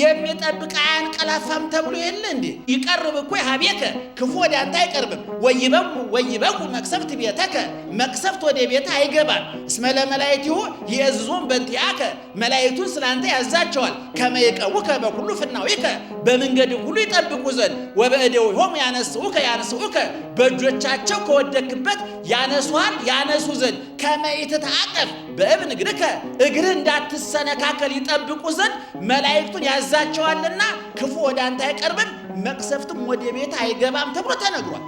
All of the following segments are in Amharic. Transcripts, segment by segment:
የሚጠብቅ አያንቀላፋም ተብሎ የለ እንዴ? ይቀርብ እኮ ሀቤከ ክፉ ወደ አንተ አይቀርብም። ወይበቁ ወይበቁ መቅሰፍት ቤተከ መቅሰፍት ወደ ቤተ አይገባም። እስመ ለመላእክቲሁ የእዝዞም በንቲአከ መላእክቱን ስላንተ ያዛቸዋል። ከመይቀውከ በኩሉ ፍናዊከ በመንገድ ሁሉ ይጠብቁ ዘንድ ሆም ያነስኡከ ያነስኡከ በእጆቻቸው ከወደክበት ያነሷል ያነሱ ዘንድ ከመይትታጠፍ በእብን እግርከ እግርህ እንዳትሰነካከል ይጠብቁ ዘንድ መላእክቱን ያዛቸዋልና ክፉ ወደ አንተ አይቀርብም፣ መቅሰፍትም ወደ ቤት አይገባም ተብሎ ተነግሯል።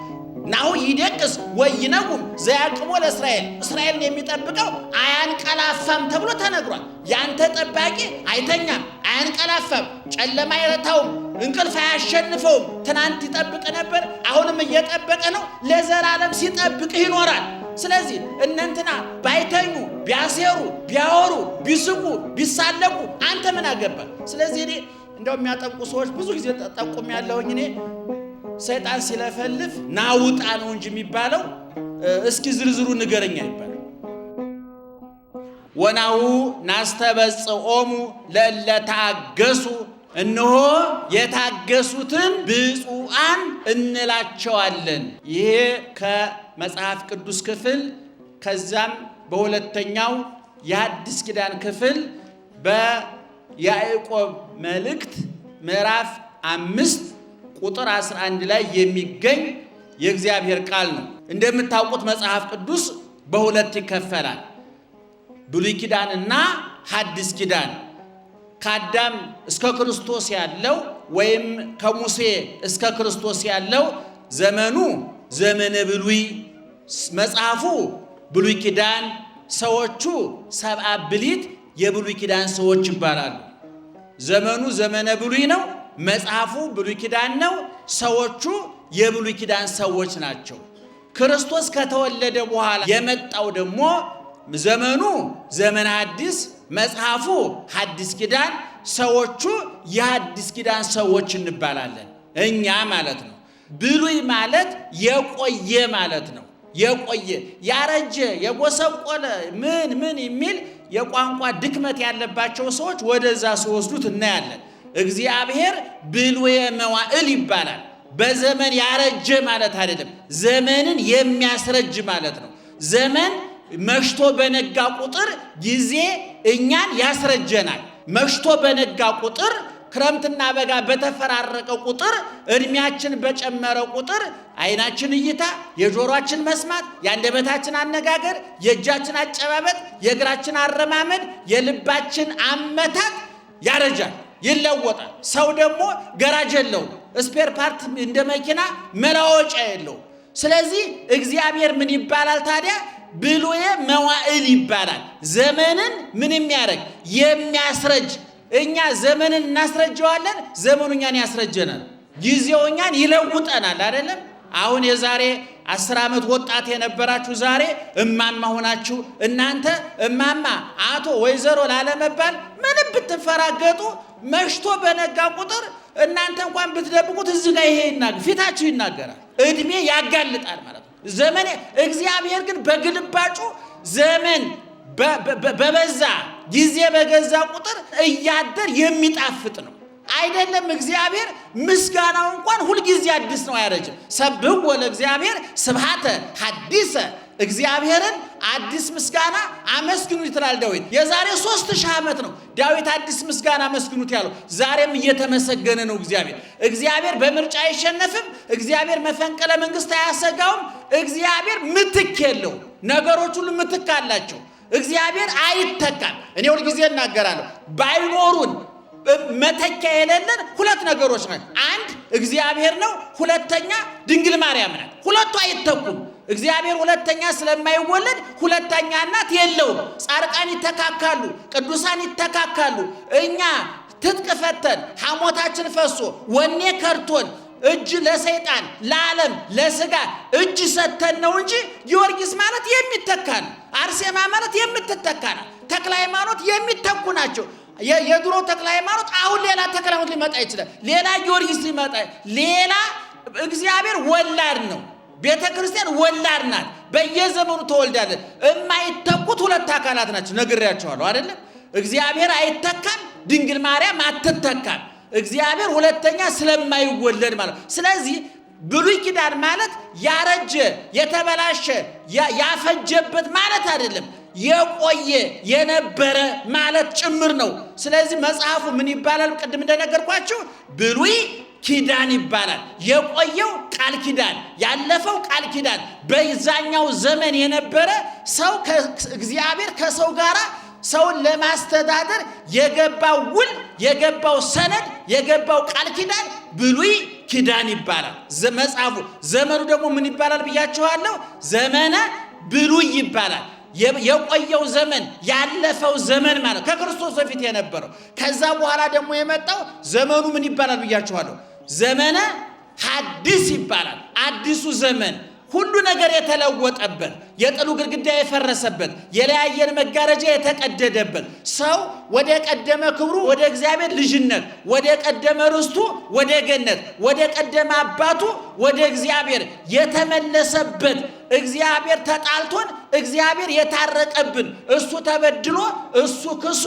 ናሁ ይደቅስ ወይነውም ዘያቅቦ ለእስራኤል እስራኤልን የሚጠብቀው አያንቀላፋም ተብሎ ተነግሯል። ያንተ ጠባቂ አይተኛም፣ አያንቀላፋም፣ ጨለማ አይረታውም፣ እንቅልፍ አያሸንፈውም። ትናንት ይጠብቅ ነበር፣ አሁንም እየጠበቀ ነው። ለዘላለም ሲጠብቅህ ይኖራል። ስለዚህ እነንትና ባይተኙ ቢያሴሩ ቢያወሩ ቢስቁ ቢሳለቁ አንተ ምን አገባ? ስለዚህ እኔ እንደው የሚያጠምቁ ሰዎች ብዙ ጊዜ ጠቁም ያለውኝ እኔ ሰይጣን ሲለፈልፍ ናውጣ ነው እንጂ የሚባለው እስኪ ዝርዝሩ ንገረኛ ይባል ወናሁ ኦሙ ለለታገሱ እነሆ የታገሱትን ብፁዓን እንላቸዋለን። ይሄ ከመጽሐፍ ቅዱስ ክፍል ከዛም በሁለተኛው የአዲስ ኪዳን ክፍል በያዕቆብ መልእክት ምዕራፍ አምስት ቁጥር 11 ላይ የሚገኝ የእግዚአብሔር ቃል ነው። እንደምታውቁት መጽሐፍ ቅዱስ በሁለት ይከፈላል፣ ብሉይ ኪዳንና ሐዲስ ኪዳን ከአዳም እስከ ክርስቶስ ያለው ወይም ከሙሴ እስከ ክርስቶስ ያለው ዘመኑ ዘመነ ብሉይ፣ መጽሐፉ ብሉይ ኪዳን፣ ሰዎቹ ሰብአ ብሊት የብሉይ ኪዳን ሰዎች ይባላሉ። ዘመኑ ዘመነ ብሉይ ነው። መጽሐፉ ብሉይ ኪዳን ነው። ሰዎቹ የብሉይ ኪዳን ሰዎች ናቸው። ክርስቶስ ከተወለደ በኋላ የመጣው ደግሞ ዘመኑ ዘመነ አዲስ መጽሐፉ ሐዲስ ኪዳን፣ ሰዎቹ የሐዲስ ኪዳን ሰዎች እንባላለን እኛ ማለት ነው። ብሉይ ማለት የቆየ ማለት ነው። የቆየ ያረጀ፣ የጎሰቆለ ምን ምን የሚል የቋንቋ ድክመት ያለባቸው ሰዎች ወደዛ ሲወስዱት እናያለን። እግዚአብሔር ብሉየ መዋዕል ይባላል። በዘመን ያረጀ ማለት አይደለም፣ ዘመንን የሚያስረጅ ማለት ነው። ዘመን መሽቶ በነጋ ቁጥር ጊዜ እኛን ያስረጀናል። መሽቶ በነጋ ቁጥር ክረምትና በጋ በተፈራረቀ ቁጥር እድሜያችን በጨመረ ቁጥር አይናችን እይታ፣ የጆሮአችን መስማት፣ የአንደበታችን አነጋገር፣ የእጃችን አጨባበጥ፣ የእግራችን አረማመድ፣ የልባችን አመታት ያረጃል፣ ይለወጣል። ሰው ደግሞ ገራጅ የለውም፣ ስፔር ፓርት እንደ መኪና መለዋወጫ የለውም። ስለዚህ እግዚአብሔር ምን ይባላል ታዲያ? ብሉየ መዋዕል ይባላል። ዘመንን ምን የሚያደርግ የሚያስረጅ እኛ ዘመንን እናስረጀዋለን፣ ዘመኑ እኛን ያስረጀናል። ጊዜው እኛን ይለውጠናል። አይደለም አሁን የዛሬ አስር ዓመት ወጣት የነበራችሁ ዛሬ እማማ ሆናችሁ እናንተ እማማ አቶ ወይዘሮ ላለመባል ምንም ብትፈራገጡ መሽቶ በነጋ ቁጥር እናንተ እንኳን ብትደብቁት እዚህ ጋር ይሄ ይናገር ፊታችሁ ይናገራል። እድሜ ያጋልጣል። ዘመን እግዚአብሔር ግን በግልባጩ ዘመን በበዛ ጊዜ በገዛ ቁጥር እያደር የሚጣፍጥ ነው። አይደለም እግዚአብሔር ምስጋናው እንኳን ሁልጊዜ አዲስ ነው፣ አያረጅም። ሰብህ ወለ እግዚአብሔር ስብሃተ ሐዲሰ እግዚአብሔርን አዲስ ምስጋና አመስግኑት ይላል ዳዊት። የዛሬ ሶስት ሺህ ዓመት ነው ዳዊት አዲስ ምስጋና አመስግኑት ያለው። ዛሬም እየተመሰገነ ነው እግዚአብሔር። እግዚአብሔር በምርጫ አይሸነፍም። እግዚአብሔር መፈንቅለ መንግስት አያሰጋውም። እግዚአብሔር ምትክ የለው። ነገሮች ሁሉ ምትክ አላቸው። እግዚአብሔር አይተካም። እኔ ሁልጊዜ እናገራለሁ ባይኖሩን መተኪያ የሌለን ሁለት ነገሮች ናቸው። አንድ እግዚአብሔር ነው፣ ሁለተኛ ድንግል ማርያም ናት። ሁለቱ አይተኩም። እግዚአብሔር ሁለተኛ ስለማይወለድ ሁለተኛ እናት የለውም። ጻድቃን ይተካካሉ፣ ቅዱሳን ይተካካሉ። እኛ ትጥቅ ፈተን ሐሞታችን ፈሶ ወኔ ከርቶን እጅ ለሰይጣን ለዓለም ለስጋ እጅ ሰተን ነው እንጂ ጊዮርጊስ ማለት የሚተካ ነው። አርሴማ ማለት የምትተካ ነው። ተክለ ሃይማኖት የሚተኩ ናቸው። የድሮ ተክለ ሃይማኖት አሁን ሌላ ተክለ ሃይማኖት ሊመጣ ይችላል። ሌላ ጊዮርጊስ ሊመጣ ሌላ እግዚአብሔር ወላድ ነው። ቤተ ክርስቲያን ወላድ ናት። በየዘመኑ ተወልዳለን። የማይተኩት ሁለት አካላት ናቸው። ነግሬያቸዋለሁ አይደለም? እግዚአብሔር አይተካም፣ ድንግል ማርያም አትተካም። እግዚአብሔር ሁለተኛ ስለማይወለድ ማለት ስለዚህ ብሉይ ኪዳን ማለት ያረጀ የተበላሸ ያፈጀበት ማለት አይደለም፣ የቆየ የነበረ ማለት ጭምር ነው። ስለዚህ መጽሐፉ ምን ይባላል? ቅድም እንደነገርኳቸው ብሉይ ኪዳን ይባላል። የቆየው ቃል ኪዳን፣ ያለፈው ቃል ኪዳን፣ በዛኛው ዘመን የነበረ ሰው እግዚአብሔር ከሰው ጋር ሰውን ለማስተዳደር የገባው ውል፣ የገባው ሰነድ፣ የገባው ቃል ኪዳን ብሉይ ኪዳን ይባላል። መጽሐፉ ዘመኑ ደግሞ ምን ይባላል ብያችኋለሁ? ዘመነ ብሉይ ይባላል። የቆየው ዘመን ያለፈው ዘመን ማለት ከክርስቶስ በፊት የነበረው ከዛ በኋላ ደግሞ የመጣው ዘመኑ ምን ይባላል ብያችኋለሁ? ዘመነ ሐዲስ ይባላል። አዲሱ ዘመን ሁሉ ነገር የተለወጠበት፣ የጥሉ ግድግዳ የፈረሰበት፣ የለያየን መጋረጃ የተቀደደበት፣ ሰው ወደ ቀደመ ክብሩ ወደ እግዚአብሔር ልጅነት፣ ወደ ቀደመ ርስቱ ወደ ገነት፣ ወደ ቀደመ አባቱ ወደ እግዚአብሔር የተመለሰበት እግዚአብሔር ተጣልቶን እግዚአብሔር የታረቀብን እሱ ተበድሎ እሱ ክሶ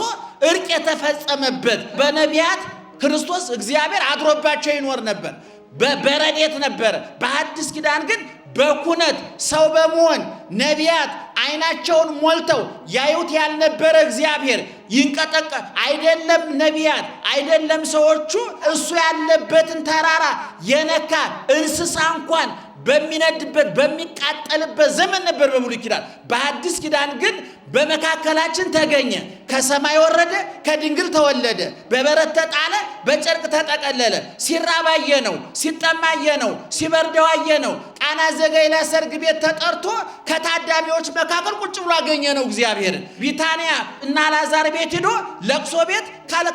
እርቅ የተፈጸመበት በነቢያት ክርስቶስ እግዚአብሔር አድሮባቸው ይኖር ነበር፣ በረዴት ነበረ። በአዲስ ኪዳን ግን በኩነት ሰው በመሆን ነቢያት አይናቸውን ሞልተው ያዩት ያልነበረ እግዚአብሔር ይንቀጠቀ አይደለም ነቢያት አይደለም ሰዎቹ እሱ ያለበትን ተራራ የነካ እንስሳ እንኳን በሚነድበት በሚቃጠልበት ዘመን ነበር በሙሉ ኪዳን። በአዲስ ኪዳን ግን በመካከላችን ተገኘ፣ ከሰማይ ወረደ፣ ከድንግል ተወለደ፣ በበረት ተጣለ፣ በጨርቅ ተጠቀለለ። ሲራብ አየነው፣ ሲጠማ አየነው፣ ሲበርደው አየነው። ቃና ዘገሊላ ሰርግ ቤት ተጠርቶ ከታዳሚዎች መካከል ቁጭ ብሎ አገኘነው እግዚአብሔርን። ቢታንያ እና ላዛር ቤት ሂዶ ለቅሶ ቤት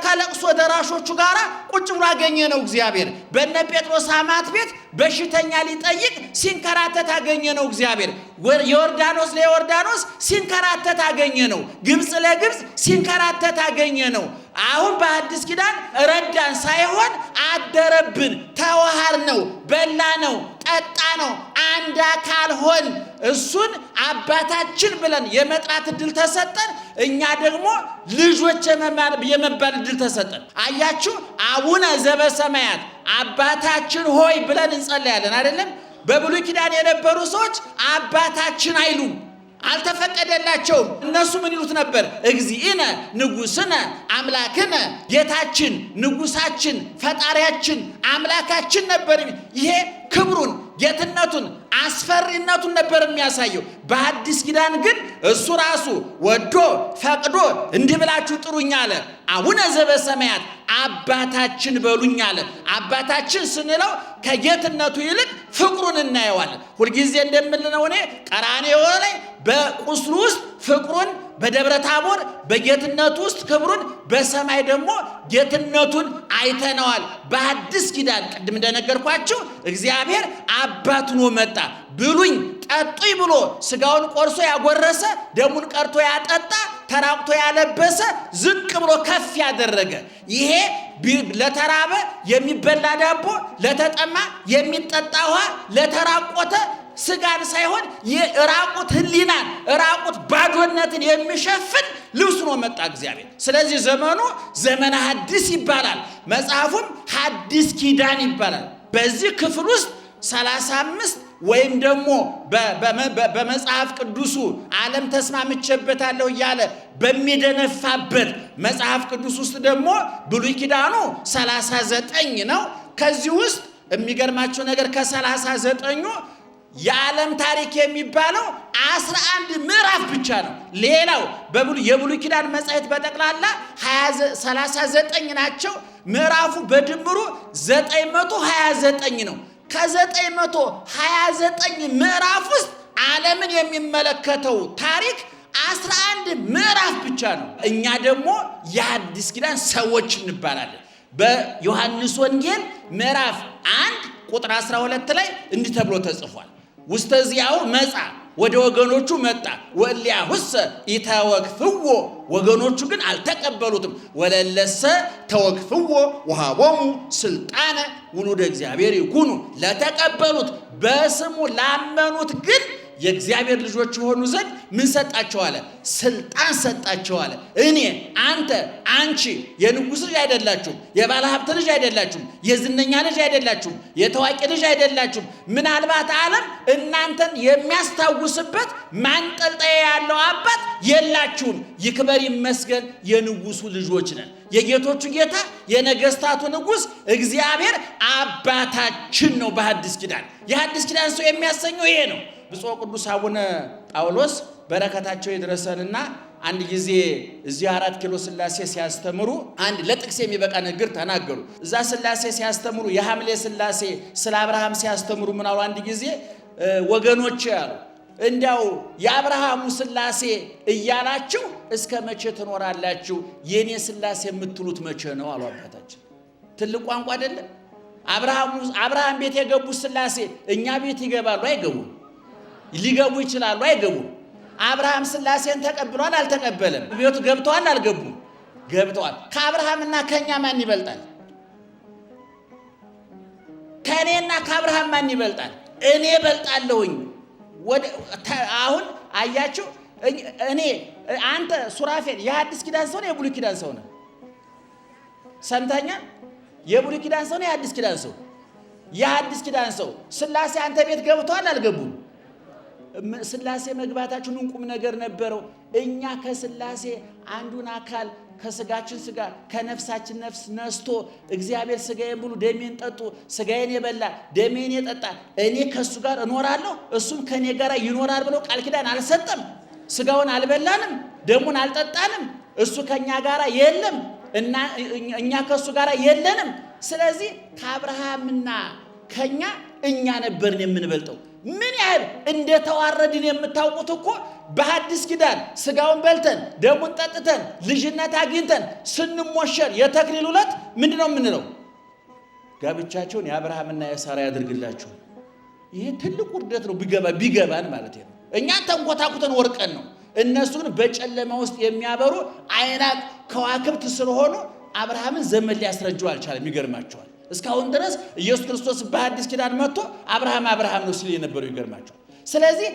ከለቅሶ ደራሾቹ ጋር ቁጭ ብሎ አገኘነው እግዚአብሔር። በነ ጴጥሮስ አማት ቤት በሽተኛ ሊጠይቅ ሲንከራተት አገኘ ነው። እግዚአብሔር ዮርዳኖስ ለዮርዳኖስ ሲንከራተት አገኘ ነው። ግብፅ ለግብፅ ሲንከራተት አገኘ ነው። አሁን በአዲስ ኪዳን ረዳን ሳይሆን አደረብን፣ ተዋሃር ነው፣ በላ ነው፣ ጠጣ ነው፣ አንድ አካል ሆን። እሱን አባታችን ብለን የመጥራት እድል ተሰጠን። እኛ ደግሞ ልጆች የመባል እድል ተሰጠን። አያችሁ፣ አቡነ ዘበሰማያት አባታችን ሆይ ብለን እንጸለያለን አይደለም? በብሉይ ኪዳን የነበሩ ሰዎች አባታችን አይሉ አልተፈቀደላቸውም። እነሱ ምን ይሉት ነበር? እግዚእነ ንጉስነ አምላክነ፣ ጌታችን ንጉሳችን፣ ፈጣሪያችን፣ አምላካችን ነበር። ይሄ ክብሩን፣ ጌትነቱን፣ አስፈሪነቱን ነበር የሚያሳየው። በአዲስ ኪዳን ግን እሱ ራሱ ወዶ ፈቅዶ እንዲህ ብላችሁ ጥሩኝ አለ። አቡነ ዘበሰማያት አባታችን በሉኝ አለ። አባታችን ስንለው ከጌትነቱ ይልቅ ፍቅሩን እናየዋለን። ሁልጊዜ እንደምልነው እኔ ቀራኔ የሆነ በቁስሉ ውስጥ ፍቅሩን በደብረ ታቦር በጌትነት ውስጥ ክብሩን በሰማይ ደግሞ ጌትነቱን አይተነዋል። በአዲስ ኪዳን ቅድም እንደነገርኳችሁ እግዚአብሔር አባት ሆኖ መጣ። ብሉኝ ጠጡኝ ብሎ ስጋውን ቆርሶ ያጎረሰ፣ ደሙን ቀርቶ ያጠጣ፣ ተራቁቶ ያለበሰ፣ ዝቅ ብሎ ከፍ ያደረገ ይሄ ለተራበ የሚበላ ዳቦ፣ ለተጠማ የሚጠጣ ውሃ፣ ለተራቆተ ስጋን ሳይሆን የራቁት ህሊናን ራቁት ባዶነትን የሚሸፍን ልብስ ነው መጣ እግዚአብሔር። ስለዚህ ዘመኑ ዘመነ ሐዲስ ይባላል። መጽሐፉም ሐዲስ ኪዳን ይባላል። በዚህ ክፍል ውስጥ 35 ወይም ደግሞ በመጽሐፍ ቅዱሱ ዓለም ተስማምቼበታለሁ እያለ በሚደነፋበት መጽሐፍ ቅዱስ ውስጥ ደግሞ ብሉይ ኪዳኑ 39 ነው። ከዚህ ውስጥ የሚገርማቸው ነገር ከ39ኙ የዓለም ታሪክ የሚባለው አስራ አንድ ምዕራፍ ብቻ ነው። ሌላው የብሉ ኪዳን መጻሕፍት በጠቅላላ 39 ናቸው። ምዕራፉ በድምሩ 929 ነው። ከ929 ምዕራፍ ውስጥ ዓለምን የሚመለከተው ታሪክ 11 ምዕራፍ ብቻ ነው። እኛ ደግሞ የአዲስ ኪዳን ሰዎች እንባላለን። በዮሐንስ ወንጌል ምዕራፍ 1 ቁጥር 12 ላይ እንዲህ ተብሎ ተጽፏል ውስተ መጻ ወደ ወገኖቹ መጣ። ወእሊያሁሰ ኢተወክፍዎ ወገኖቹ ግን አልተቀበሉትም። ወለለሰ ተወክፍዎ ወሃቦሙ ስልጣነ ውሉደ እግዚአብሔር ይኩኑ ለተቀበሉት በስሙ ላመኑት ግን የእግዚአብሔር ልጆች የሆኑ ዘንድ ምን ሰጣቸው አለ? ስልጣን ሰጣቸው አለ። እኔ፣ አንተ፣ አንቺ የንጉሥ ልጅ አይደላችሁም፣ የባለ ሀብት ልጅ አይደላችሁም፣ የዝነኛ ልጅ አይደላችሁም፣ የታዋቂ ልጅ አይደላችሁም። ምናልባት ዓለም እናንተን የሚያስታውስበት ማንጠልጠያ ያለው አባት የላችሁም። ይክበር ይመስገን፣ የንጉሱ ልጆች ነን። የጌቶቹ ጌታ የነገስታቱ ንጉስ እግዚአብሔር አባታችን ነው። በሐዲስ ኪዳን የሐዲስ ኪዳን ሰው የሚያሰኘው ይሄ ነው። ብፁዕ ቅዱስ አቡነ ጳውሎስ በረከታቸው ይድረሰንና አንድ ጊዜ እዚህ አራት ኪሎ ስላሴ ሲያስተምሩ አንድ ለጥቅስ የሚበቃ ንግግር ተናገሩ። እዛ ስላሴ ሲያስተምሩ የሐምሌ ስላሴ ስለ አብርሃም ሲያስተምሩ ምን አሉ? አንድ ጊዜ ወገኖች ያሉ እንዲያው የአብርሃሙ ስላሴ እያላችሁ እስከ መቼ ትኖራላችሁ? የእኔ ስላሴ የምትሉት መቼ ነው አሉ አባታችን። ትልቅ ቋንቋ አይደለም? አብርሃም ቤት የገቡ ስላሴ እኛ ቤት ይገባሉ አይገቡም? ሊገቡ ይችላሉ፣ አይገቡም። አብርሃም ስላሴን ተቀብሏል፣ አልተቀበለም? ቤቱ ገብተዋል፣ አልገቡም? ገብተዋል። ከአብርሃምና ከእኛ ማን ይበልጣል? ከእኔና ከአብርሃም ማን ይበልጣል? እኔ እበልጣለሁኝ። አሁን አያችሁ፣ እኔ አንተ ሱራፌል የአዲስ ኪዳን ሰው ነው የብሉይ ኪዳን ሰው ነው? ሰምተኛ የብሉይ ኪዳን ሰው ነው የአዲስ ኪዳን ሰው? የአዲስ ኪዳን ሰው ስላሴ አንተ ቤት ገብተዋል፣ አልገቡም? ስላሴ መግባታችን ቁም ነገር ነበረው። እኛ ከስላሴ አንዱን አካል ከስጋችን ስጋ ከነፍሳችን ነፍስ ነስቶ እግዚአብሔር ስጋዬን ብሉ ደሜን ጠጡ፣ ስጋዬን የበላ ደሜን የጠጣ እኔ ከእሱ ጋር እኖራለሁ እሱም ከእኔ ጋር ይኖራል ብሎ ቃል ኪዳን አልሰጠም። ስጋውን አልበላንም፣ ደሙን አልጠጣንም። እሱ ከእኛ ጋር የለም እና እኛ ከእሱ ጋር የለንም። ስለዚህ ከአብርሃምና ከእኛ እኛ ነበርን የምንበልጠው። ምን ያህል እንደተዋረድን የምታውቁት እኮ በሐዲስ ኪዳን ስጋውን በልተን ደሙን ጠጥተን ልጅነት አግኝተን ስንሞሸር የተክሊል ዕለት ምንድን ነው የምንለው? ጋብቻቸውን የአብርሃምና የሳራ ያድርግላችሁ። ይህ ትልቅ ውርደት ነው፣ ቢገባ ቢገባን ማለት ነው። እኛ ተንኮታኩተን ወርቀን ነው። እነሱ ግን በጨለማ ውስጥ የሚያበሩ አይናቅ ከዋክብት ስለሆኑ አብርሃምን ዘመን ሊያስረጀው አልቻለም። ይገርማቸዋል። እስካሁን ድረስ ኢየሱስ ክርስቶስ በአዲስ ኪዳን መጥቶ አብርሃም አብርሃም ነው ሲል የነበረው ይገርማቸው። ስለዚህ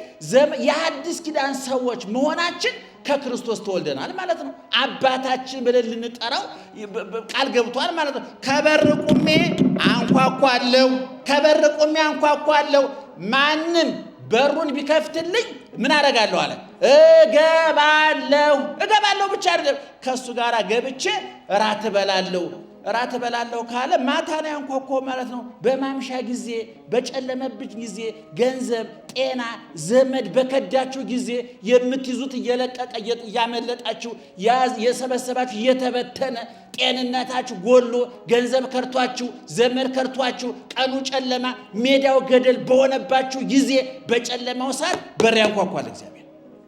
የአዲስ ኪዳን ሰዎች መሆናችን ከክርስቶስ ተወልደናል ማለት ነው። አባታችን ብለን ልንጠራው ቃል ገብቷል ማለት ነው። ከበር ቁሜ ከበርቁሜ ከበር ቁሜ ማንም በሩን ቢከፍትልኝ ምን አደርጋለሁ አለ። እገባለሁ። እገባለሁ ብቻ አይደለም ከእሱ ጋር ገብቼ እራት እበላለሁ እራት እበላለሁ ካለ ማታ ነው ያንኳኳው ማለት ነው። በማምሻ ጊዜ፣ በጨለመብት ጊዜ፣ ገንዘብ፣ ጤና፣ ዘመድ በከዳችሁ ጊዜ የምትይዙት እየለቀቀ እያመለጣችሁ የሰበሰባችሁ እየተበተነ ጤንነታችሁ ጎሎ ገንዘብ ከርቷችሁ ዘመድ ከርቷችሁ ቀኑ ጨለማ ሜዳው ገደል በሆነባችሁ ጊዜ በጨለማው ሰዓት በር ያንኳኳል። እግዚአብሔር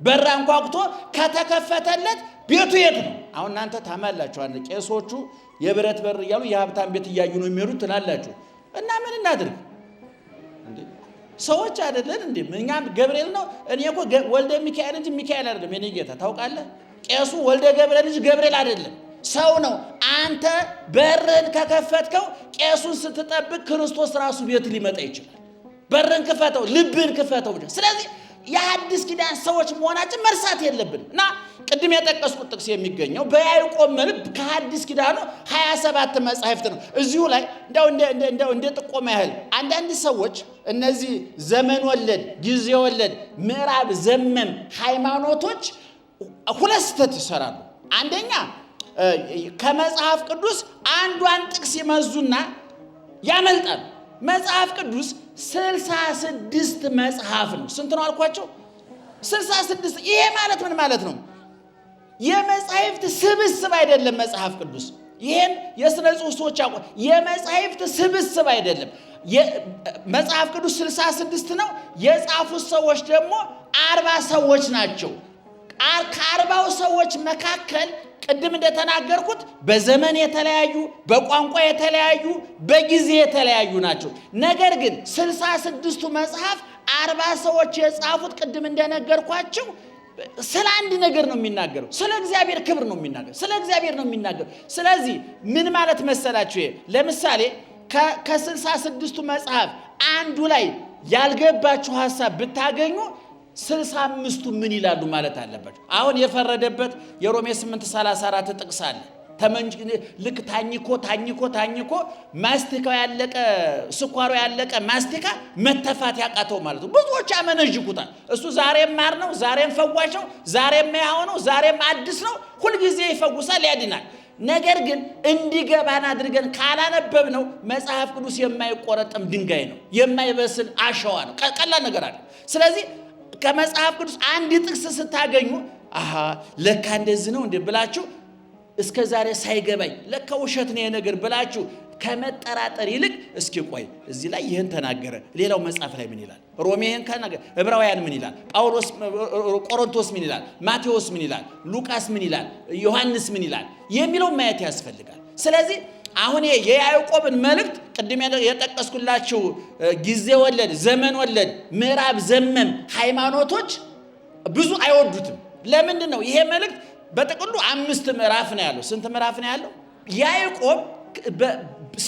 በር አንኳኩቶ ከተከፈተለት ቤቱ የት ነው? አሁን እናንተ ታማላችኋል ቄሶቹ የብረት በር እያሉ የሀብታም ቤት እያዩ ነው የሚሄዱት ትላላችሁ። እና ምን እናድርግ? ሰዎች አይደለን እንዴ? እኛ ገብርኤል ነው። እኔ እኮ ወልደ ሚካኤል እንጂ ሚካኤል አይደለም። የኔ ጌታ ታውቃለህ፣ ቄሱ ወልደ ገብርኤል እንጂ ገብርኤል አይደለም፣ ሰው ነው። አንተ በርን ከከፈትከው ቄሱን ስትጠብቅ ክርስቶስ ራሱ ቤት ሊመጣ ይችላል። በርን ክፈተው፣ ልብን ክፈተው። ስለዚህ የአዲስ ኪዳን ሰዎች መሆናችን መርሳት የለብን እና ቅድም የጠቀስኩት ጥቅስ የሚገኘው በያዕቆብ መልእክት ከአዲስ ኪዳኑ 27 መጻሕፍት ነው። እዚሁ ላይ እንደው እንደ ጥቆመ ያህል አንዳንድ ሰዎች እነዚህ ዘመን ወለድ፣ ጊዜ ወለድ፣ ምዕራብ ዘመም ሃይማኖቶች ሁለት ስህተት ይሰራሉ። አንደኛ ከመጽሐፍ ቅዱስ አንዷን ጥቅስ ይመዙና ያመልጣሉ። መጽሐፍ ቅዱስ ስልሳ ስድስት መጽሐፍ ነው። ስንት ነው አልኳቸው? ስልሳ ስድስት ይሄ ማለት ምን ማለት ነው? የመጻሕፍት ስብስብ አይደለም መጽሐፍ ቅዱስ። ይህን የሥነ ጽሑፍ ሰዎች አውቁ። የመጻሕፍት ስብስብ አይደለም መጽሐፍ ቅዱስ ስልሳ ስድስት ነው። የጻፉት ሰዎች ደግሞ አርባ ሰዎች ናቸው። ከአርባው ሰዎች መካከል ቅድም እንደተናገርኩት በዘመን የተለያዩ፣ በቋንቋ የተለያዩ፣ በጊዜ የተለያዩ ናቸው። ነገር ግን ስልሳ ስድስቱ መጽሐፍ አርባ ሰዎች የጻፉት ቅድም እንደነገርኳቸው ስለ አንድ ነገር ነው የሚናገረው። ስለ እግዚአብሔር ክብር ነው የሚናገረው። ስለ እግዚአብሔር ነው የሚናገረው። ስለዚህ ምን ማለት መሰላችሁ? ለምሳሌ ከስልሳ ስድስቱ መጽሐፍ አንዱ ላይ ያልገባችሁ ሀሳብ ብታገኙ ስልሳ አምስቱ ምን ይላሉ ማለት አለበት። አሁን የፈረደበት የሮሜ 834 ጥቅስ አለ። ልክ ታኝኮ ታኝኮ ታኝኮ ማስቲካው ያለቀ ስኳሩ ያለቀ ማስቲካ መተፋት ያቃተው ማለት ነው። ብዙዎች አመነዥጉታል። እሱ ዛሬም ማር ነው፣ ዛሬም ፈዋሽ ነው፣ ዛሬም ያሆነው ነው፣ ዛሬም አዲስ ነው። ሁልጊዜ ይፈጉሳል፣ ያድናል። ነገር ግን እንዲገባን አድርገን ካላነበብ ነው መጽሐፍ ቅዱስ የማይቆረጥም ድንጋይ ነው፣ የማይበስል አሸዋ ነው። ቀላል ነገር አለ። ስለዚህ ከመጽሐፍ ቅዱስ አንድ ጥቅስ ስታገኙ አሃ ለካ እንደዚህ ነው እንዴ ብላችሁ እስከ ዛሬ ሳይገባኝ ለካ ውሸት ነው ነገር ብላችሁ ከመጠራጠር ይልቅ እስኪ ቆይ እዚህ ላይ ይህን ተናገረ፣ ሌላው መጽሐፍ ላይ ምን ይላል? ሮሜ ይህን ከናገረ፣ ዕብራውያን ምን ይላል? ጳውሎስ ቆሮንቶስ ምን ይላል? ማቴዎስ ምን ይላል? ሉቃስ ምን ይላል? ዮሐንስ ምን ይላል? የሚለው ማየት ያስፈልጋል። ስለዚህ አሁን የያዕቆብን መልእክት ቅድም የጠቀስኩላችሁ ጊዜ ወለድ፣ ዘመን ወለድ፣ ምዕራብ ዘመም ሃይማኖቶች ብዙ አይወዱትም። ለምንድን ነው? ይሄ መልእክት በጥቅሉ አምስት ምዕራፍ ነው ያለው። ስንት ምዕራፍ ነው ያለው? ያዕቆብ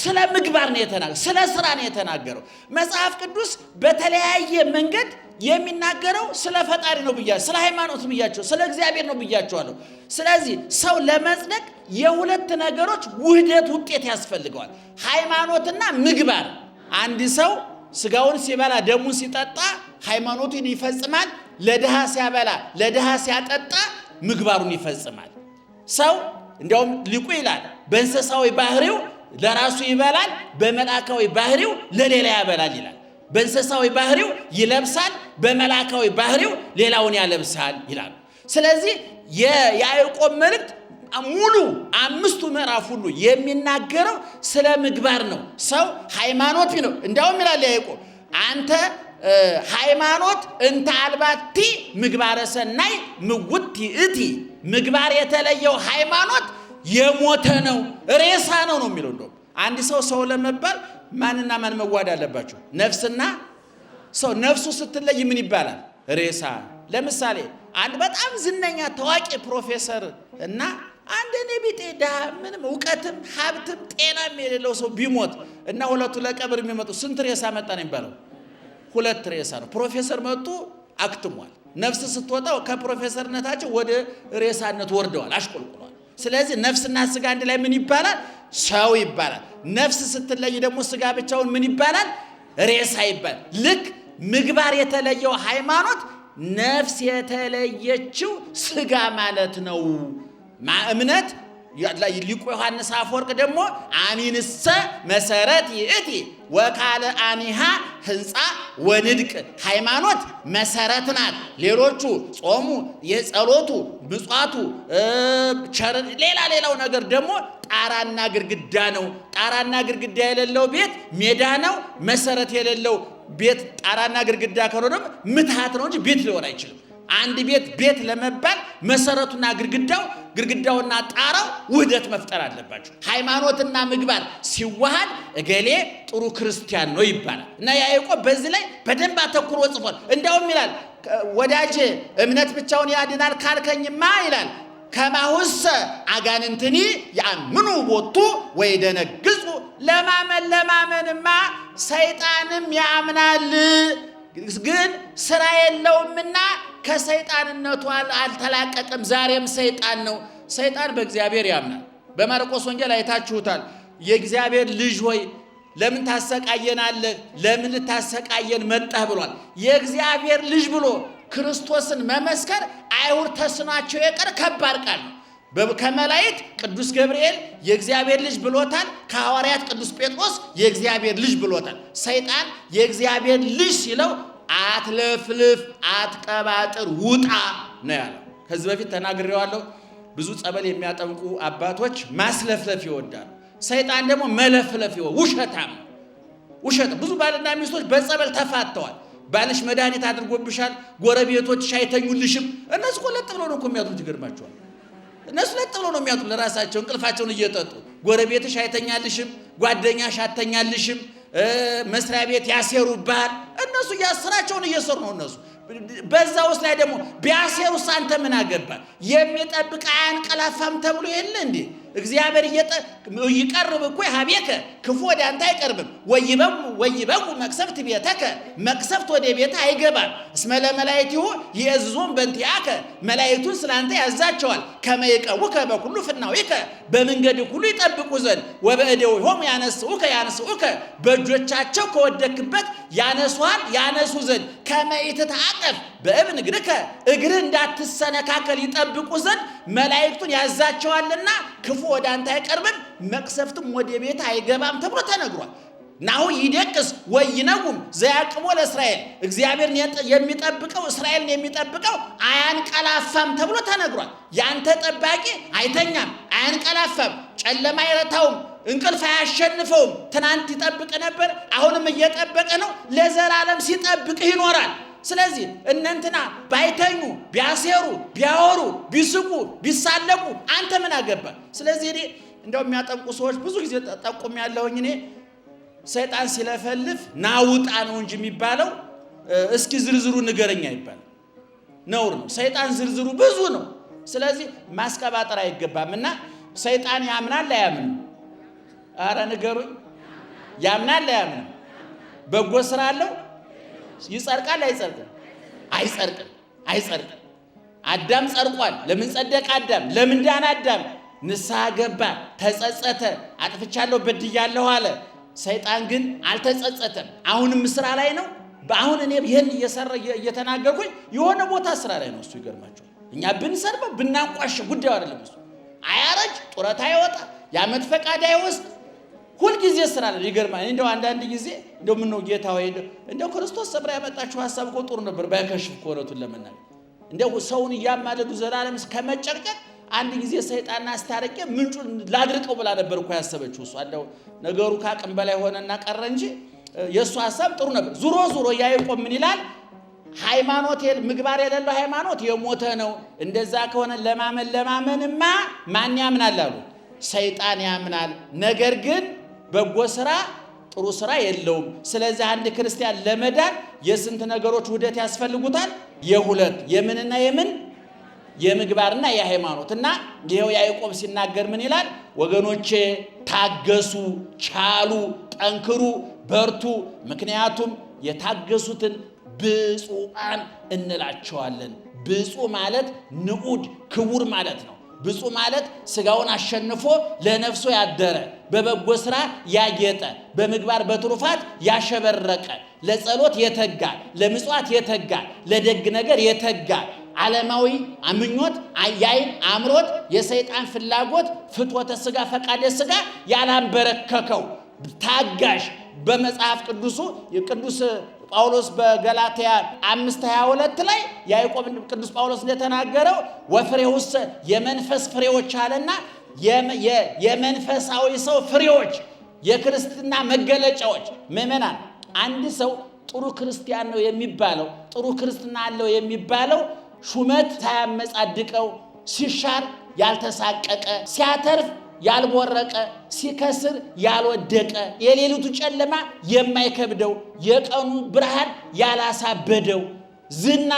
ስለ ምግባር ነው የተናገረው፣ ስለ ስራ ነው የተናገረው። መጽሐፍ ቅዱስ በተለያየ መንገድ የሚናገረው ስለ ፈጣሪ ነው ብያ ስለ ሃይማኖት ብያቸው ስለ እግዚአብሔር ነው ብያቸዋለሁ። ስለዚህ ሰው ለመጽደቅ የሁለት ነገሮች ውህደት ውጤት ያስፈልገዋል፣ ሃይማኖትና ምግባር። አንድ ሰው ስጋውን ሲበላ ደሙን ሲጠጣ ሃይማኖቱን ይፈጽማል። ለድሃ ሲያበላ ለድሃ ሲያጠጣ ምግባሩን ይፈጽማል። ሰው እንዲያውም ሊቁ ይላል በእንስሳዊ ባህሪው ለራሱ ይበላል፣ በመላካዊ ባህሪው ለሌላ ያበላል ይላል። በእንስሳዊ ባህሪው ይለብሳል፣ በመላካዊ ባህሪው ሌላውን ያለብሳል ይላሉ። ስለዚህ የያዕቆብ መልእክት ሙሉ አምስቱ ምዕራፍ ሁሉ የሚናገረው ስለ ምግባር ነው። ሰው ሃይማኖት ነው። እንዲያውም ይላል ያዕቆብ አንተ ሃይማኖት እንተ አልባቲ ምግባረ ሰናይ ምውቲ እቲ ምግባር የተለየው ሃይማኖት የሞተ ነው፣ ሬሳ ነው ነው የሚለው እንደውም አንድ ሰው ሰው ለመባል ማንና ማን መዋድ አለባቸው? ነፍስና ሰው። ነፍሱ ስትለይ ምን ይባላል? ሬሳ። ለምሳሌ አንድ በጣም ዝነኛ ታዋቂ ፕሮፌሰር እና አንድ እኔ ቢጤ ድሃ ምንም እውቀትም ሀብትም ጤናም የሌለው ሰው ቢሞት እና ሁለቱ ለቀብር የሚመጡ ስንት ሬሳ መጣ ነው የሚባለው? ሁለት ሬሳ ነው። ፕሮፌሰር መጡ አክትሟል። ነፍስ ስትወጣ ከፕሮፌሰርነታቸው ወደ ሬሳነት ወርደዋል፣ አሽቆልቁለዋል። ስለዚህ ነፍስና ስጋ አንድ ላይ ምን ይባላል? ሰው ይባላል። ነፍስ ስትለይ ደግሞ ስጋ ብቻውን ምን ይባላል? ሬሳ ይባላል። ልክ ምግባር የተለየው ሃይማኖት ነፍስ የተለየችው ስጋ ማለት ነው። እምነት ሊቁ ዮሐንስ አፈወርቅ ደግሞ አሚንሰ መሰረት ይእቲ ወካለ አሚሃ ህንፃ ወንድቅ ሃይማኖት መሰረት ናት። ሌሎቹ ጾሙ፣ የጸሎቱ፣ ምጽዋቱ፣ ሌላ ሌላው ነገር ደግሞ ጣራና ግድግዳ ነው። ጣራና ግድግዳ የሌለው ቤት ሜዳ ነው። መሰረት የሌለው ቤት ጣራና ግድግዳ ካልሆነም ምትሃት ነው እንጂ ቤት ሊሆን አይችልም። አንድ ቤት ቤት ለመባል መሰረቱና ግድግዳው ግድግዳውና ጣራው ውህደት መፍጠር አለባቸው። ሃይማኖትና ምግባር ሲዋሃድ እገሌ ጥሩ ክርስቲያን ነው ይባላል። እና ያዕቆብ በዚህ ላይ በደንብ አተኩሮ ጽፏል። እንዲያውም ይላል ወዳጄ እምነት ብቻውን ያድናል ካልከኝማ ይላል ከማሁሰ አጋንንትኒ ያምኑ ቦቱ ወይ ደነግጹ ለማመን ለማመንማ ሰይጣንም ያምናል ግን ስራ የለውምና ከሰይጣንነቱ አልተላቀቀም። ዛሬም ሰይጣን ነው። ሰይጣን በእግዚአብሔር ያምናል። በማርቆስ ወንጌል አይታችሁታል። የእግዚአብሔር ልጅ ሆይ ለምን ታሰቃየናለህ? ለምን ልታሰቃየን መጣህ? ብሏል። የእግዚአብሔር ልጅ ብሎ ክርስቶስን መመስከር አይሁድ ተስኗቸው የቀር ከባድ ቃል ነው። ከመላእክት ቅዱስ ገብርኤል የእግዚአብሔር ልጅ ብሎታል። ከሐዋርያት ቅዱስ ጴጥሮስ የእግዚአብሔር ልጅ ብሎታል። ሰይጣን የእግዚአብሔር ልጅ ሲለው አትለፍልፍ፣ አትቀባጥር፣ ውጣ ነው ያለው። ከዚህ በፊት ተናግሬዋለሁ። ብዙ ጸበል የሚያጠምቁ አባቶች ማስለፍለፍ ይወዳሉ። ሰይጣን ደግሞ መለፍለፍ ይወ ውሸታም ውሸት። ብዙ ባልና ሚስቶች በጸበል ተፋተዋል። ባልሽ መድኃኒት አድርጎብሻል፣ ጎረቤቶች አይተኙልሽም። እነሱ ቆለጥ ብሎ ነው እኮ የሚያድሩት ይገርማቸዋል። እነሱ ለጥ ብሎ ነው የሚያጡ ለራሳቸው እንቅልፋቸውን እየጠጡ ጎረቤትሽ አይተኛልሽም፣ ጓደኛሽ አተኛልሽም፣ መስሪያ ቤት ያሴሩባል። እነሱ ስራቸውን እየሰሩ ነው እነሱ በዛ ውስጥ ላይ ደግሞ ቢያሴሩስ አንተ ምን አገባ የሚጠብቅ አያንቀላፋም ተብሎ የለ እንዴ? እግዚአብሔር ይቀርብ እኮ ሀቤከ ክፉ ወደ አንተ አይቀርብም። ወይበው ወይበው መቅሰፍት ቤተከ መቅሰፍት ወደ ቤተ አይገባም። እስመ ለመላእክቲሁ የእዙን በእንቲአከ መላእክቱን ስላንተ ያዛቸዋል። ከመይቀውከ በኩሉ ፍናዊከ በመንገድ ሁሉ ይጠብቁ ዘንድ ወበእደዊሆሙ ያነስኡከ ያነስኡከ በእጆቻቸው ከወደክበት ያነሷል ያነሱ ዘንድ ከመይተታቀፍ በእብን እግርከ እግር እንዳትሰነካከል ይጠብቁ ዘንድ መላእክቱን ያዛቸዋልና ክፉ ወደ አንተ አይቀርብም፣ መቅሰፍትም ወደ ቤት አይገባም ተብሎ ተነግሯል። ናሁ ይደቅስ ወይነውም ዘያቅቦ ለእስራኤል እግዚአብሔርን የሚጠብቀው እስራኤልን የሚጠብቀው አያንቀላፋም ተብሎ ተነግሯል። ያንተ ጠባቂ አይተኛም፣ አያንቀላፋም፣ ጨለማ አይረታውም፣ እንቅልፍ አያሸንፈውም። ትናንት ይጠብቅ ነበር፣ አሁንም እየጠበቀ ነው። ለዘላለም ሲጠብቅህ ይኖራል። ስለዚህ እነንትና ባይተኙ ቢያሴሩ ቢያወሩ ቢስቁ ቢሳለቁ አንተ ምን አገባ? ስለዚህ እኔ እንደው የሚያጠምቁ ሰዎች ብዙ ጊዜ ጠቁም ያለውኝ እኔ ሰይጣን ሲለፈልፍ ናውጣ ነው እንጂ የሚባለው እስኪ ዝርዝሩ ንገረኛ ይባል ነውር ነው። ሰይጣን ዝርዝሩ ብዙ ነው። ስለዚህ ማስቀባጠር አይገባም እና ሰይጣን ያምናል አያምንም? አረ ንገሩኝ። ያምናል አያምንም? በጎ ስራ አለው ይጸርቃል አይጸርቅም? አይጸርቅም፣ አይጸርቅም። አዳም ጸርቋል። ለምን ጸደቀ አዳም? ለምን ዳን አዳም? ንስሐ ገባ፣ ተጸጸተ። አጥፍቻለሁ፣ በድያለሁ አለ። ሰይጣን ግን አልተጸጸተም። አሁንም ስራ ላይ ነው። በአሁን እኔ ይህን እየሰራ እየተናገርኩኝ የሆነ ቦታ ስራ ላይ ነው እሱ። ይገርማቸዋል። እኛ ብንሰርበው ብናንቋሽ ጉዳዩ አይደለም እሱ። አያረጅ፣ ጡረታ ይወጣ የአመት ፈቃድ አይወስድ ሁልጊዜ ስራ ነው። ይገርማል። እንደው አንዳንድ ጊዜ እንደው ምነው ጌታ ወይ እንደው ክርስቶስ ሰብራ ያመጣችሁ ሀሳብ እኮ ጥሩ ነበር፣ ባይከሽፍ እኮ እውነቱን እንደው ሰውን እያማለዱ ዘላለም እስከ ከመጨቅጨቅ አንድ ጊዜ ሰይጣን አስታረቀ ምንጩ ላድርቀው ብላ ነበር እኮ ያሰበችው እሷ። እንደው ነገሩ ከአቅም በላይ ሆነና ቀረ እንጂ የእሱ ሀሳብ ጥሩ ነበር። ዙሮ ዙሮ ያዕቆብ ምን ይላል? ሃይማኖት ምግባር የሌለው ሃይማኖት የሞተ ነው። እንደዛ ከሆነ ለማመን ለማመንማ ማን ያምናል አሉ። ሰይጣን ያምናል። ነገር ግን በጎ ስራ ጥሩ ስራ የለውም። ስለዚህ አንድ ክርስቲያን ለመዳን የስንት ነገሮች ውህደት ያስፈልጉታል? የሁለት የምንና የምን የምግባርና የሃይማኖት እና ይኸው ያዕቆብ ሲናገር ምን ይላል? ወገኖቼ ታገሱ፣ ቻሉ፣ ጠንክሩ፣ በርቱ። ምክንያቱም የታገሱትን ብፁዓን እንላቸዋለን። ብፁ ማለት ንዑድ ክቡር ማለት ነው። ብፁ ማለት ስጋውን አሸንፎ ለነፍሱ ያደረ በበጎ ስራ ያጌጠ በምግባር በትሩፋት ያሸበረቀ ለጸሎት የተጋ ለምጽዋት የተጋ ለደግ ነገር የተጋ ዓለማዊ ምኞት የዓይን አምሮት የሰይጣን ፍላጎት ፍትወተ ስጋ ፈቃደ ስጋ ያላንበረከከው ታጋሽ በመጽሐፍ ቅዱሱ ቅዱስ ጳውሎስ በገላትያ አምስት ሃያ ሁለት ላይ ያዕቆብ ቅዱስ ጳውሎስ እንደተናገረው ወፍሬ የመንፈስ ፍሬዎች አለና የመንፈሳዊ ሰው ፍሬዎች የክርስትና መገለጫዎች ምእመናን አንድ ሰው ጥሩ ክርስቲያን ነው የሚባለው ጥሩ ክርስትና አለው የሚባለው ሹመት ሳያመጻድቀው ሲሻር ያልተሳቀቀ ሲያተርፍ ያልቦረቀ ሲከስር ያልወደቀ የሌሊቱ ጨለማ የማይከብደው የቀኑ ብርሃን ያላሳበደው ዝና፣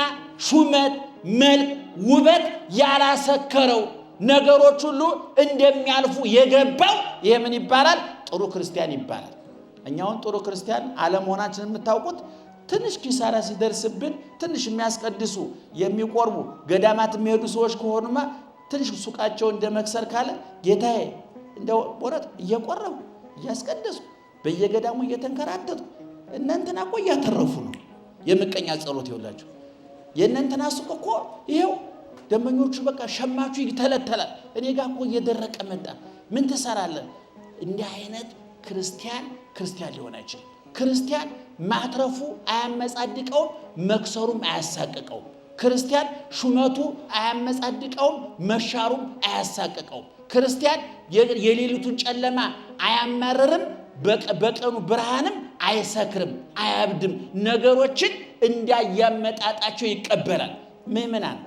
ሹመት፣ መልክ፣ ውበት ያላሰከረው ነገሮች ሁሉ እንደሚያልፉ የገባው ይሄ ምን ይባላል? ጥሩ ክርስቲያን ይባላል። እኛውን ጥሩ ክርስቲያን አለመሆናችን የምታውቁት ትንሽ ኪሳራ ሲደርስብን ትንሽ የሚያስቀድሱ የሚቆርቡ ገዳማት የሚሄዱ ሰዎች ከሆኑማ ትንሽ ሱቃቸው እንደ መክሰር ካለ ጌታዬ እንደ በእውነት እየቆረቡ እያስቀደሱ በየገዳሙ እየተንከራተቱ እነንትና እኮ እያተረፉ ነው። የምቀኛ ጸሎት ይውላቸው። የእነንትና ሱቅ እኮ ይኸው ደንበኞቹ በቃ ሸማቹ ይተለተላል። እኔ ጋር እኮ እየደረቀ መጣ። ምን ትሰራለን? እንዲህ አይነት ክርስቲያን ክርስቲያን ሊሆን አይችልም። ክርስቲያን ማትረፉ አያመጻድቀውም፣ መክሰሩም አያሳቅቀውም። ክርስቲያን ሹመቱ አያመጻድቀውም፣ መሻሩም አያሳቅቀውም። ክርስቲያን የሌሊቱን ጨለማ አያማረርም፣ በቀኑ ብርሃንም አይሰክርም፣ አያብድም። ነገሮችን እንዳያመጣጣቸው ይቀበላል። ምእመናን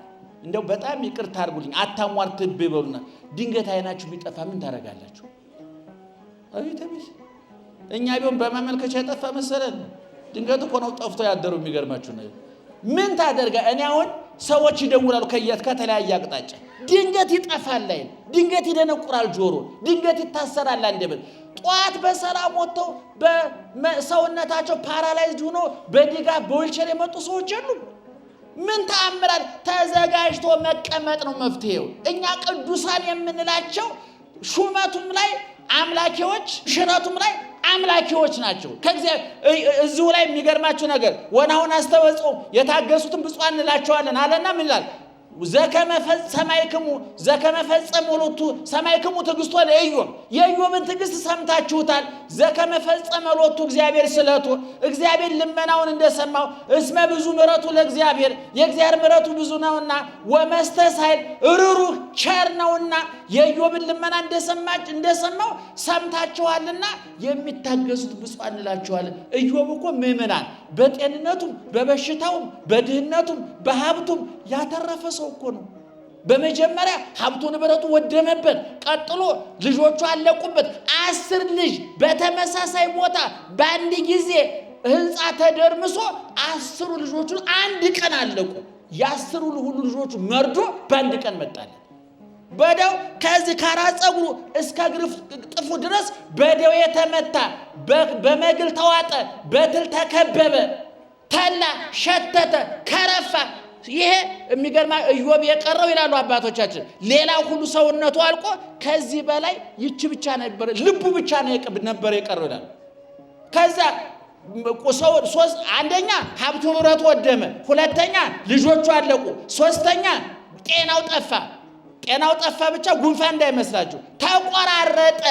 እንደው በጣም ይቅርታ አድርጉልኝ፣ አታሟርትብ ይበሉና ድንገት አይናችሁ ቢጠፋ ምን ታደርጋላችሁ? አቤት አቤት! እኛ ቢሆን በማመልከቻ የጠፋ መሰለን። ድንገት እኮ ነው ጠፍቶ ያደሩ። የሚገርማችሁ ነገር ምን ታደርጋ? እኔ አሁን ሰዎች ይደውላሉ ከየት ከተለያየ አቅጣጫ። ድንገት ይጠፋል አይን፣ ድንገት ይደነቁራል ጆሮ፣ ድንገት ይታሰራል አንደበት። ጠዋት በሰላም ወጥተው በሰውነታቸው ፓራላይዝድ ሆኖ በድጋፍ በዊልቸር የመጡ ሰዎች አሉ። ምን ተአምራል! ተዘጋጅቶ መቀመጥ ነው መፍትሄው። እኛ ቅዱሳን የምንላቸው ሹመቱም ላይ አምላኪዎች ሽረቱም ላይ አምላኪዎች ናቸው። እዚሁ ላይ የሚገርማችሁ ነገር ወናሁን አስተወጽኦ የታገሱትን ብፁዓን እንላቸዋለን አለና ምን ይላል? ሰማይክሙ ዘከመፈጸም ሎቱ ሰማይክሙ ትዕግስቶ ለኢዮብ የኢዮብን ትዕግስት ሰምታችሁታል። ዘከመፈጸመ ሎቱ እግዚአብሔር ስለቱ እግዚአብሔር ልመናውን እንደሰማው እስመ ብዙ ምሕረቱ ለእግዚአብሔር የእግዚአብሔር ምሕረቱ ብዙ ነውና፣ ወመስተሳይል ርሩህ ቸር ነውና የኢዮብን ልመና እንደሰማች እንደሰማው ሰምታችኋልና የሚታገሱት ብፁዓን እንላችኋለን። ኢዮብ እኮ ምእመናን በጤንነቱም በበሽታውም በድህነቱም በሀብቱም ያተረፈ ሰው እኮ ነው። በመጀመሪያ ሀብቱ ንብረቱ ወደመበት፣ ቀጥሎ ልጆቹ አለቁበት። አስር ልጅ በተመሳሳይ ቦታ በአንድ ጊዜ ህንፃ ተደርምሶ አስሩ ልጆቹን አንድ ቀን አለቁ። የአስሩ ሁሉ ልጆቹ መርዶ በአንድ ቀን መጣለን። በደው ከዚህ ከራስ ፀጉሩ እስከ ግርፍ ጥፉ ድረስ በደው የተመታ በመግል ተዋጠ፣ በትል ተከበበ፣ ተላ፣ ሸተተ፣ ከረፋ። ይሄ የሚገርማ እዮብ የቀረው ይላሉ አባቶቻችን። ሌላ ሁሉ ሰውነቱ አልቆ ከዚህ በላይ ይቺ ብቻ ነበረ፣ ልቡ ብቻ ነበር የቀረው ይላሉ። ከዛ ሶስት አንደኛ ሀብቱ ንብረቱ ወደመ፣ ሁለተኛ ልጆቹ አለቁ፣ ሶስተኛ ጤናው ጠፋ። ጤናው ጠፋ ብቻ ጉንፋን እንዳይመስላችሁ። ተቆራረጠ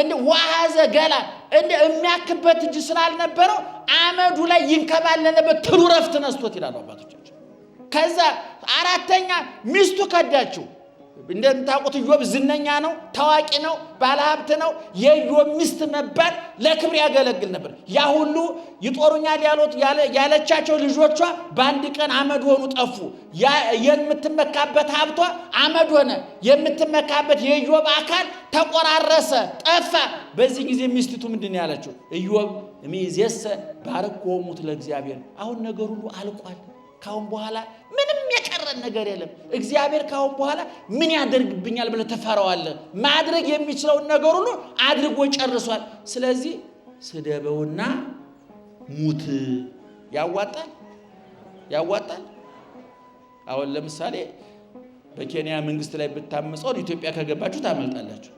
እንደ ዋሃዘ ገላ እንደ የሚያክበት እጅ ስላልነበረው አመዱ ላይ ይንከባለለበት ትሩ ረፍት ነስቶት ይላሉ አባቶቻችን። ከዛ አራተኛ ሚስቱ ከዳችው። እንደምታውቁት ኢዮብ ዝነኛ ነው፣ ታዋቂ ነው፣ ባለሀብት ነው። የኢዮብ ሚስት መባል ለክብር ያገለግል ነበር። ያ ሁሉ ይጦሩኛል ያሉት ያለቻቸው ልጆቿ በአንድ ቀን አመድ ሆኑ፣ ጠፉ። የምትመካበት ሀብቷ አመድ ሆነ። የምትመካበት የኢዮብ አካል ተቆራረሰ፣ ጠፋ። በዚህ ጊዜ ሚስቲቱ ምንድን ነው ያለችው? ኢዮብ ሚዜሰ ባረኮሙት ለእግዚአብሔር። አሁን ነገር ሁሉ አልቋል። ካሁን በኋላ ምንም የሚያስጨንቀን ነገር የለም። እግዚአብሔር ካሁን በኋላ ምን ያደርግብኛል ብለህ ትፈራዋለህ። ማድረግ የሚችለውን ነገር ሁሉ አድርጎ ጨርሷል። ስለዚህ ስደበውና ሙት። ያዋጣል ያዋጣል። አሁን ለምሳሌ በኬንያ መንግስት ላይ ብታመፀውን ኢትዮጵያ ከገባችሁ ታመልጣላችሁ።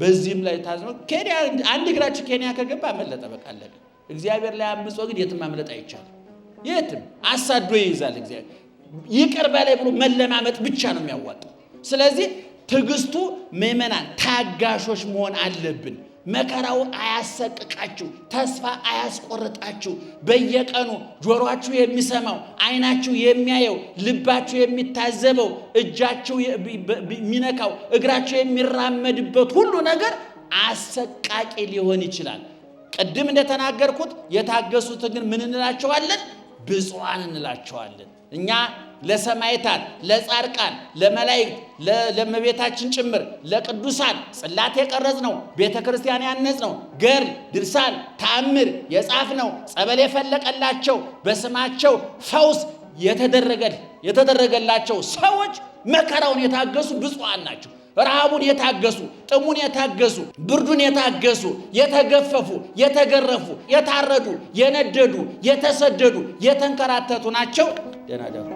በዚህም ላይ ታዝኖ ኬንያ አንድ እግራችሁ ኬንያ ከገባ አመለጠ፣ በቃ አለቀ። እግዚአብሔር ላይ አምጾ ግን የትም ማምለጥ አይቻልም። የትም አሳዶ ይይዛል እግዚአብሔር። ይቅር በላይ ብሎ መለማመጥ ብቻ ነው የሚያዋጣው። ስለዚህ ትዕግስቱ ምእመናን ታጋሾች መሆን አለብን። መከራው አያሰቅቃችሁ፣ ተስፋ አያስቆርጣችሁ። በየቀኑ ጆሮአችሁ የሚሰማው፣ አይናችሁ የሚያየው፣ ልባችሁ የሚታዘበው፣ እጃችሁ የሚነካው፣ እግራችሁ የሚራመድበት ሁሉ ነገር አሰቃቂ ሊሆን ይችላል። ቅድም እንደተናገርኩት የታገሱት ግን ምን እንላቸዋለን? ብፁዓን እንላቸዋለን። እኛ ለሰማይታት፣ ለጻድቃን፣ ለመላእክት፣ ለእመቤታችን ጭምር ለቅዱሳን ጽላት የቀረጽ ነው፣ ቤተ ክርስቲያን ያነጽ ነው፣ ገር ድርሳን፣ ተአምር የጻፍ ነው፣ ጸበል የፈለቀላቸው በስማቸው ፈውስ የተደረገላቸው ሰዎች መከራውን የታገሱ ብፁዓን ናቸው። ረሃቡን የታገሱ፣ ጥሙን የታገሱ፣ ብርዱን የታገሱ፣ የተገፈፉ፣ የተገረፉ፣ የታረዱ፣ የነደዱ፣ የተሰደዱ፣ የተንከራተቱ ናቸው። ደህና ደሩ።